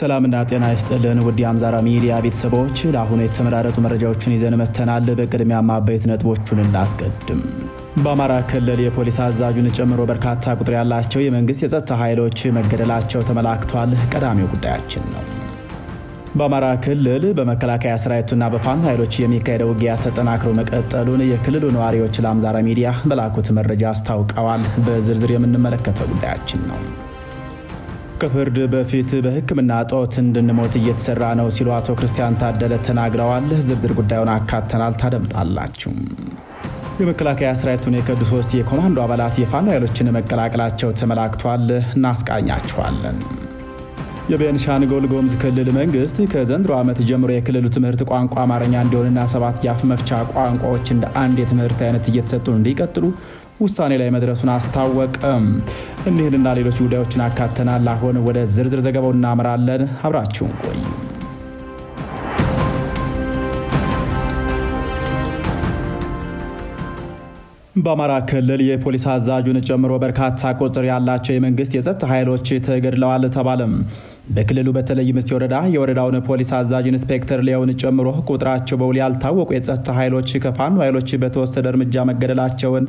ሰላምና ጤና ይስጥልን ውድ የአምዛራ ሚዲያ ቤተሰቦች፣ ለአሁኑ የተመራረጡ መረጃዎችን ይዘን መተናል። በቅድሚያ ማበይት ነጥቦቹን እናስቀድም። በአማራ ክልል የፖሊስ አዛዡን ጨምሮ በርካታ ቁጥር ያላቸው የመንግስት የጸጥታ ኃይሎች መገደላቸው ተመላክቷል። ቀዳሚው ጉዳያችን ነው። በአማራ ክልል በመከላከያ ሰራዊቱና በፋኖ ኃይሎች የሚካሄደው ውጊያ ተጠናክሮ መቀጠሉን የክልሉ ነዋሪዎች ለአምዛራ ሚዲያ በላኩት መረጃ አስታውቀዋል። በዝርዝር የምንመለከተው ጉዳያችን ነው። ከፍርድ በፊት በሕክምና እጦት እንድንሞት እየተሰራ ነው ሲሉ አቶ ክርስቲያን ታደለ ተናግረዋል። ዝርዝር ጉዳዩን አካተናል፣ ታደምጣላችሁ። የመከላከያ ሰራዊቱን የከዱ ሶስት የኮማንዶ አባላት የፋኖ ኃይሎችን መቀላቀላቸው ተመላክቷል። እናስቃኛችኋለን። የቤንሻንጉል ጉሙዝ ክልል መንግስት ከዘንድሮ ዓመት ጀምሮ የክልሉ ትምህርት ቋንቋ አማርኛ እንዲሆንና ሰባት የአፍ መፍቻ ቋንቋዎች እንደ አንድ የትምህርት አይነት እየተሰጡ እንዲቀጥሉ ውሳኔ ላይ መድረሱን አስታወቀም። እኒህንና ሌሎች ጉዳዮችን አካተናል። አሁን ወደ ዝርዝር ዘገባው እናምራለን። አብራችሁን ቆይ በአማራ ክልል የፖሊስ አዛዡን ጨምሮ በርካታ ቁጥር ያላቸው የመንግስት የጸጥታ ኃይሎች ተገድለዋል ተባለም። በክልሉ በተለይ ምስቴ ወረዳ የወረዳውን ፖሊስ አዛዥ ኢንስፔክተር ሊያውን ጨምሮ ቁጥራቸው በውል ያልታወቁ የጸጥታ ኃይሎች ከፋኖ ኃይሎች በተወሰደ እርምጃ መገደላቸውን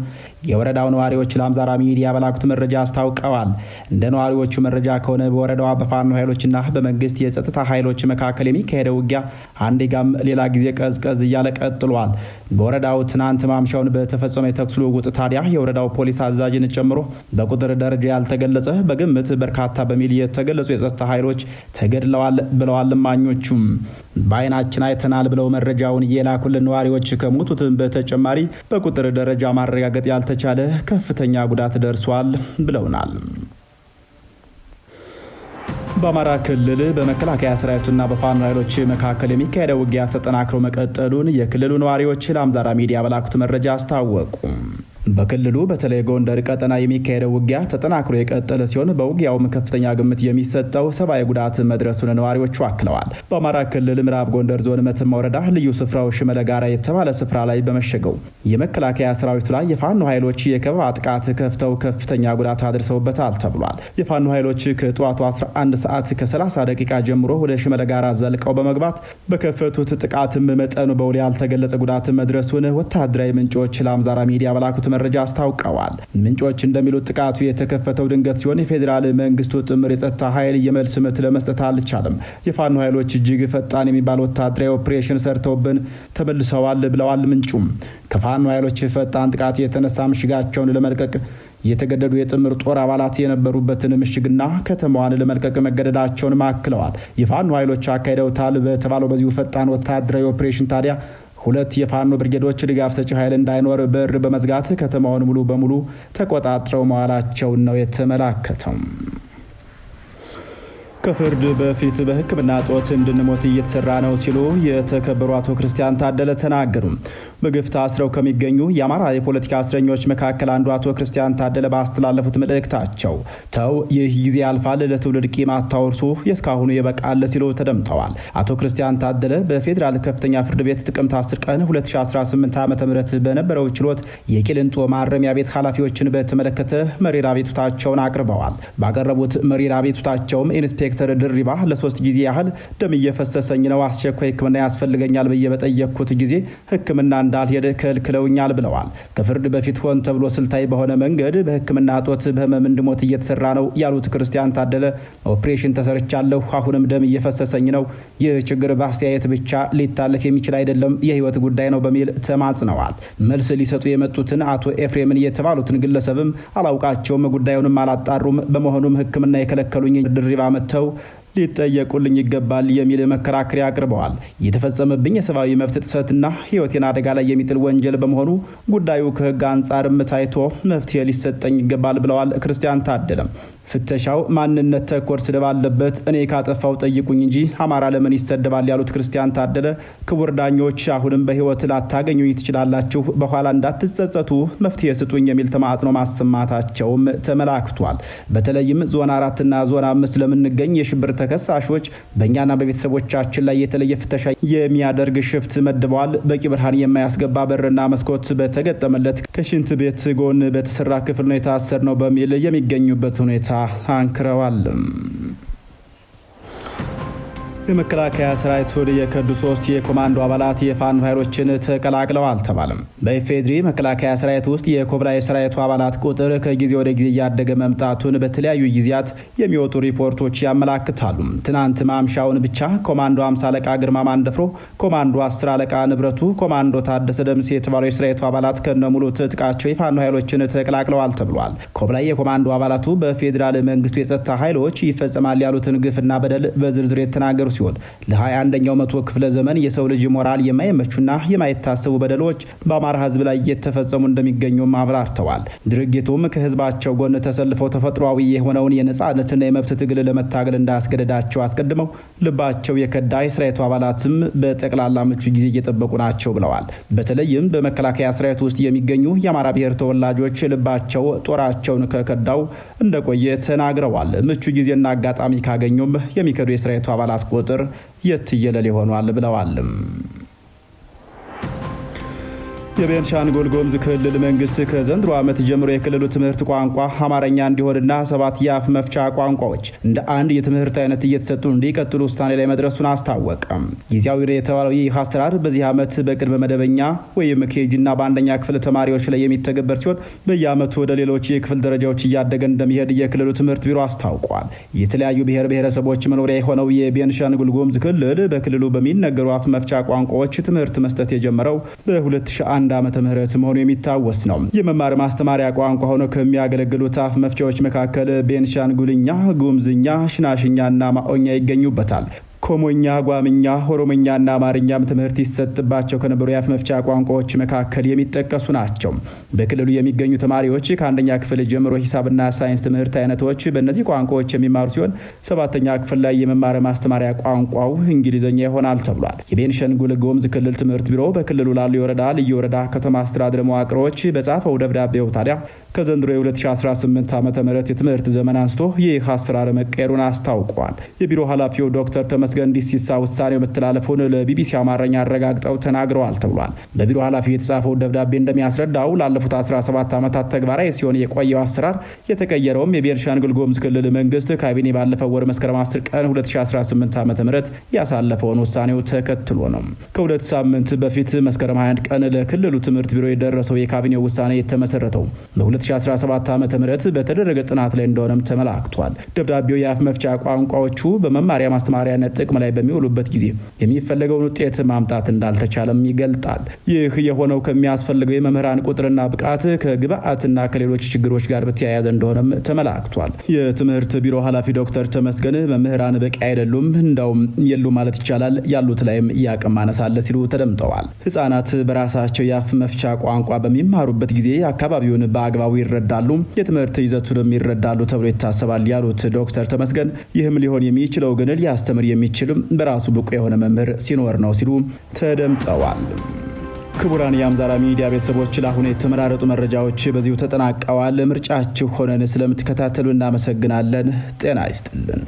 የወረዳው ነዋሪዎች ለአምዛራ ሚዲያ በላኩት መረጃ አስታውቀዋል። እንደ ነዋሪዎቹ መረጃ ከሆነ በወረዳዋ በፋኖ ኃይሎችና በመንግስት የጸጥታ ኃይሎች መካከል የሚካሄደው ውጊያ አንዴ ጋም ሌላ ጊዜ ቀዝቀዝ እያለ ቀጥሏል። በወረዳው ትናንት ማምሻውን በተፈጸመ የተኩስ ልውውጥ ታዲያ የወረዳው ፖሊስ አዛዥን ጨምሮ በቁጥር ደረጃ ያልተገለጸ በግምት በርካታ በሚል የተገለጹ የጸጥታ ኃይሎች ኃይሎች ተገድለዋል ብለዋል እማኞቹም። በአይናችን አይተናል ብለው መረጃውን እየላኩልን ነዋሪዎች ከሞቱትም በተጨማሪ በቁጥር ደረጃ ማረጋገጥ ያልተቻለ ከፍተኛ ጉዳት ደርሷል ብለውናል። በአማራ ክልል በመከላከያ ሰራዊቱና በፋኖ ኃይሎች መካከል የሚካሄደው ውጊያ ተጠናክሮ መቀጠሉን የክልሉ ነዋሪዎች ለአምዛራ ሚዲያ በላኩት መረጃ አስታወቁ። በክልሉ በተለይ ጎንደር ቀጠና የሚካሄደው ውጊያ ተጠናክሮ የቀጠለ ሲሆን በውጊያውም ከፍተኛ ግምት የሚሰጠው ሰብአዊ ጉዳት መድረሱን ነዋሪዎቹ አክለዋል። በአማራ ክልል ምዕራብ ጎንደር ዞን መተማ ወረዳ ልዩ ስፍራው ሽመለ ጋራ የተባለ ስፍራ ላይ በመሸገው የመከላከያ ሰራዊቱ ላይ የፋኖ ኃይሎች የከበባ ጥቃት ከፍተው ከፍተኛ ጉዳት አድርሰውበታል ተብሏል። የፋኖ ኃይሎች ከጠዋቱ 11 ሰዓት ከ30 ደቂቃ ጀምሮ ወደ ሽመለ ጋራ ዘልቀው በመግባት በከፈቱት ጥቃትም መጠኑ በውል ያልተገለጸ ጉዳት መድረሱን ወታደራዊ ምንጮች ለአምዛራ ሚዲያ በላኩት መረጃ አስታውቀዋል። ምንጮች እንደሚሉት ጥቃቱ የተከፈተው ድንገት ሲሆን የፌዴራል መንግስቱ ጥምር የጸጥታ ኃይል የመልስ ምት ለመስጠት አልቻለም። የፋኖ ኃይሎች እጅግ ፈጣን የሚባል ወታደራዊ ኦፕሬሽን ሰርተውብን ተመልሰዋል ብለዋል ምንጩም። ከፋኖ ኃይሎች ፈጣን ጥቃት የተነሳ ምሽጋቸውን ለመልቀቅ የተገደዱ የጥምር ጦር አባላት የነበሩበትን ምሽግና ከተማዋን ለመልቀቅ መገደዳቸውን ማክለዋል። የፋኖ ኃይሎች አካሂደውታል በተባለው በዚሁ ፈጣን ወታደራዊ ኦፕሬሽን ታዲያ ሁለት የፋኖ ብርጌዶች ድጋፍ ሰጪ ኃይል እንዳይኖር በር በመዝጋት ከተማውን ሙሉ በሙሉ ተቆጣጥረው መዋላቸውን ነው የተመላከተው። ከፍርድ በፊት በሕክምና እጦት እንድንሞት እየተሰራ ነው ሲሉ የተከበሩ አቶ ክርስቲያን ታደለ ተናገሩ። በግፍ ታስረው ከሚገኙ የአማራ የፖለቲካ እስረኞች መካከል አንዱ አቶ ክርስቲያን ታደለ ባስተላለፉት መልእክታቸው ተው፣ ይህ ጊዜ ያልፋል፣ ለትውልድ ቂም አታወርሱ፣ የእስካሁኑ ይበቃል ሲሉ ተደምጠዋል። አቶ ክርስቲያን ታደለ በፌዴራል ከፍተኛ ፍርድ ቤት ጥቅምት 10 ቀን 2018 ዓ ም በነበረው ችሎት የቂሊንጦ ማረሚያ ቤት ኃላፊዎችን በተመለከተ መሪር አቤቱታቸውን አቅርበዋል። ባቀረቡት መሪር አቤቱታቸውም ኢንስፔ ዶክተር ድሪባ ለሶስት ጊዜ ያህል ደም እየፈሰሰኝ ነው፣ አስቸኳይ ሕክምና ያስፈልገኛል ብዬ በጠየቅኩት ጊዜ ሕክምና እንዳልሄድ ከልክለውኛል ብለዋል። ከፍርድ በፊት ሆን ተብሎ ስልታዊ በሆነ መንገድ በሕክምና እጦት በህመም እንድሞት እየተሰራ ነው ያሉት ክርስቲያን ታደለ ኦፕሬሽን ተሰርቻለሁ፣ አሁንም ደም እየፈሰሰኝ ነው፣ ይህ ችግር በአስተያየት ብቻ ሊታለፍ የሚችል አይደለም፣ የህይወት ጉዳይ ነው በሚል ተማጽነዋል። መልስ ሊሰጡ የመጡትን አቶ ኤፍሬምን የተባሉትን ግለሰብም አላውቃቸውም፣ ጉዳዩንም አላጣሩም፣ በመሆኑም ሕክምና የከለከሉኝ ድሪባ መጥተው so ሊጠየቁልኝ ይገባል የሚል መከራከሪያ አቅርበዋል። የተፈጸመብኝ የሰብአዊ መብት ጥሰትና ሕይወቴን አደጋ ላይ የሚጥል ወንጀል በመሆኑ ጉዳዩ ከሕግ አንጻርም ታይቶ መፍትሄ ሊሰጠኝ ይገባል ብለዋል። ክርስቲያን ታደለም ፍተሻው ማንነት ተኮር ስድብ አለበት፣ እኔ ካጠፋው ጠይቁኝ እንጂ አማራ ለምን ይሰደባል ያሉት ክርስቲያን ታደለ ክቡር ዳኞች አሁንም በህይወት ላታገኙኝ ትችላላችሁ፣ በኋላ እንዳትጸጸቱ መፍትሄ ስጡኝ የሚል ተማጽኖ ማሰማታቸውም ተመላክቷል። በተለይም ዞን አራትና ዞን አምስት ለምንገኝ የሽብር ተከሳሾች በእኛና በቤተሰቦቻችን ላይ የተለየ ፍተሻ የሚያደርግ ሽፍት መድበዋል። በቂ ብርሃን የማያስገባ በርና መስኮት በተገጠመለት ከሽንት ቤት ጎን በተሰራ ክፍል ነው የታሰር ነው በሚል የሚገኙበት ሁኔታ አንክረዋል። የመከላከያ ሰራዊቱን የከዱ ሶስት የኮማንዶ አባላት የፋኖ ኃይሎችን ተቀላቅለው አልተባለም። በኢፌድሪ መከላከያ ሰራዊት ውስጥ የኮብራ የሰራዊቱ አባላት ቁጥር ከጊዜ ወደ ጊዜ እያደገ መምጣቱን በተለያዩ ጊዜያት የሚወጡ ሪፖርቶች ያመላክታሉ። ትናንት ማምሻውን ብቻ ኮማንዶ አምሳ አለቃ ግርማ ማንደፍሮ፣ ኮማንዶ አስር አለቃ ንብረቱ፣ ኮማንዶ ታደሰ ደምስ የተባሉ የሰራዊቱ አባላት ከነሙሉ ትጥቃቸው የፋኖ ኃይሎችን ተቀላቅለዋል ተብሏል። ኮብላይ የኮማንዶ አባላቱ በፌዴራል መንግስቱ የጸጥታ ኃይሎች ይፈጸማል ያሉትን ግፍና በደል በዝርዝር የተናገሩ ሲሆን ለ21ኛው መቶ ክፍለ ዘመን የሰው ልጅ ሞራል የማይመቹና የማይታሰቡ በደሎች በአማራ ህዝብ ላይ እየተፈጸሙ እንደሚገኙም አብራርተዋል። ድርጊቱም ከህዝባቸው ጎን ተሰልፈው ተፈጥሯዊ የሆነውን የነጻነትና የመብት ትግል ለመታገል እንዳስገደዳቸው አስቀድመው ልባቸው የከዳ የሰራዊቱ አባላትም በጠቅላላ ምቹ ጊዜ እየጠበቁ ናቸው ብለዋል። በተለይም በመከላከያ ሰራዊት ውስጥ የሚገኙ የአማራ ብሔር ተወላጆች ልባቸው ጦራቸውን ከከዳው እንደቆየ ተናግረዋል። ምቹ ጊዜና አጋጣሚ ካገኙም የሚከዱ የሰራዊቱ አባላት ቁጥር የትየለል ይሆኗል ብለዋል። የቤንሻንጉል ጉሙዝ ክልል መንግስት ከዘንድሮ ዓመት ጀምሮ የክልሉ ትምህርት ቋንቋ አማርኛ እንዲሆንና ሰባት የአፍ መፍቻ ቋንቋዎች እንደ አንድ የትምህርት አይነት እየተሰጡ እንዲቀጥሉ ውሳኔ ላይ መድረሱን አስታወቀ። ጊዜያዊ የተባለው ይህ አሰራር በዚህ ዓመት በቅድመ መደበኛ ወይም ኬጂና በአንደኛ ክፍል ተማሪዎች ላይ የሚተገበር ሲሆን በየዓመቱ ወደ ሌሎች የክፍል ደረጃዎች እያደገ እንደሚሄድ የክልሉ ትምህርት ቢሮ አስታውቋል። የተለያዩ ብሔር ብሔረሰቦች መኖሪያ የሆነው የቤንሻንጉል ጉሙዝ ክልል በክልሉ በሚነገሩ አፍ መፍቻ ቋንቋዎች ትምህርት መስጠት የጀመረው በ2001 አንድ ዓመተ ምህረት መሆኑ የሚታወስ ነው። የመማር ማስተማሪያ ቋንቋ ሆኖ ከሚያገለግሉት አፍ መፍቻዎች መካከል ቤንሻንጉልኛ፣ ጉምዝኛ፣ ሽናሽኛና ማኦኛ ይገኙበታል። ኮሞኛ፣ ጓምኛ፣ ኦሮምኛና አማርኛም ትምህርት ይሰጥባቸው ከነበሩ የአፍ መፍቻ ቋንቋዎች መካከል የሚጠቀሱ ናቸው። በክልሉ የሚገኙ ተማሪዎች ከአንደኛ ክፍል ጀምሮ ሂሳብና ሳይንስ ትምህርት አይነቶች በእነዚህ ቋንቋዎች የሚማሩ ሲሆን ሰባተኛ ክፍል ላይ የመማር ማስተማሪያ ቋንቋው እንግሊዝኛ ይሆናል ተብሏል። የቤንሸንጉል ጉሙዝ ክልል ትምህርት ቢሮ በክልሉ ላሉ የወረዳ ልዩ ወረዳ ከተማ አስተዳደር መዋቅሮች በጻፈው ደብዳቤው ታዲያ ከዘንድሮ የ2018 ዓ ም የትምህርት ዘመን አንስቶ ይህ አሰራር መቀየሩን አስታውቋል። የቢሮ ኃላፊው ዶክተር ተመ ተመስገን ዲሲሳ ውሳኔው መተላለፉን ለቢቢሲ አማርኛ አረጋግጠው ተናግረዋል ተብሏል። በቢሮ ኃላፊው የተጻፈው ደብዳቤ እንደሚያስረዳው ላለፉት 17 ዓመታት ተግባራዊ ሲሆን የቆየው አሰራር የተቀየረውም የቤንሻንጉል ጉሙዝ ክልል መንግስት ካቢኔ ባለፈው ወር መስከረም 10 ቀን 2018 ዓ ም ያሳለፈውን ውሳኔው ተከትሎ ነው። ከሁለት ሳምንት በፊት መስከረም 21 ቀን ለክልሉ ትምህርት ቢሮ የደረሰው የካቢኔው ውሳኔ የተመሰረተው በ2017 ዓ ም በተደረገ ጥናት ላይ እንደሆነም ተመላክቷል። ደብዳቤው የአፍ መፍቻ ቋንቋዎቹ በመማሪያ ማስተማሪያነት ጥቅም ላይ በሚውሉበት ጊዜ የሚፈለገውን ውጤት ማምጣት እንዳልተቻለም ይገልጣል። ይህ የሆነው ከሚያስፈልገው የመምህራን ቁጥርና ብቃት ከግብአትና ከሌሎች ችግሮች ጋር በተያያዘ እንደሆነም ተመላክቷል። የትምህርት ቢሮ ኃላፊ ዶክተር ተመስገን መምህራን በቂ አይደሉም፣ እንዳውም የሉ ማለት ይቻላል፣ ያሉት ላይም ያቅም አነሳለ ሲሉ ተደምጠዋል። ህጻናት በራሳቸው የአፍ መፍቻ ቋንቋ በሚማሩበት ጊዜ አካባቢውን በአግባቡ ይረዳሉ፣ የትምህርት ይዘቱንም ይረዳሉ ተብሎ ይታሰባል ያሉት ዶክተር ተመስገን ይህም ሊሆን የሚችለው ግን ሊያስተምር የሚ የሚችልም በራሱ ብቁ የሆነ መምህር ሲኖር ነው ሲሉ ተደምጠዋል። ክቡራን የአምዛራ ሚዲያ ቤተሰቦች ለአሁኑ የተመራረጡ መረጃዎች በዚሁ ተጠናቀዋል። ምርጫችሁ ሆነን ስለምትከታተሉ እናመሰግናለን። ጤና ይስጥልን።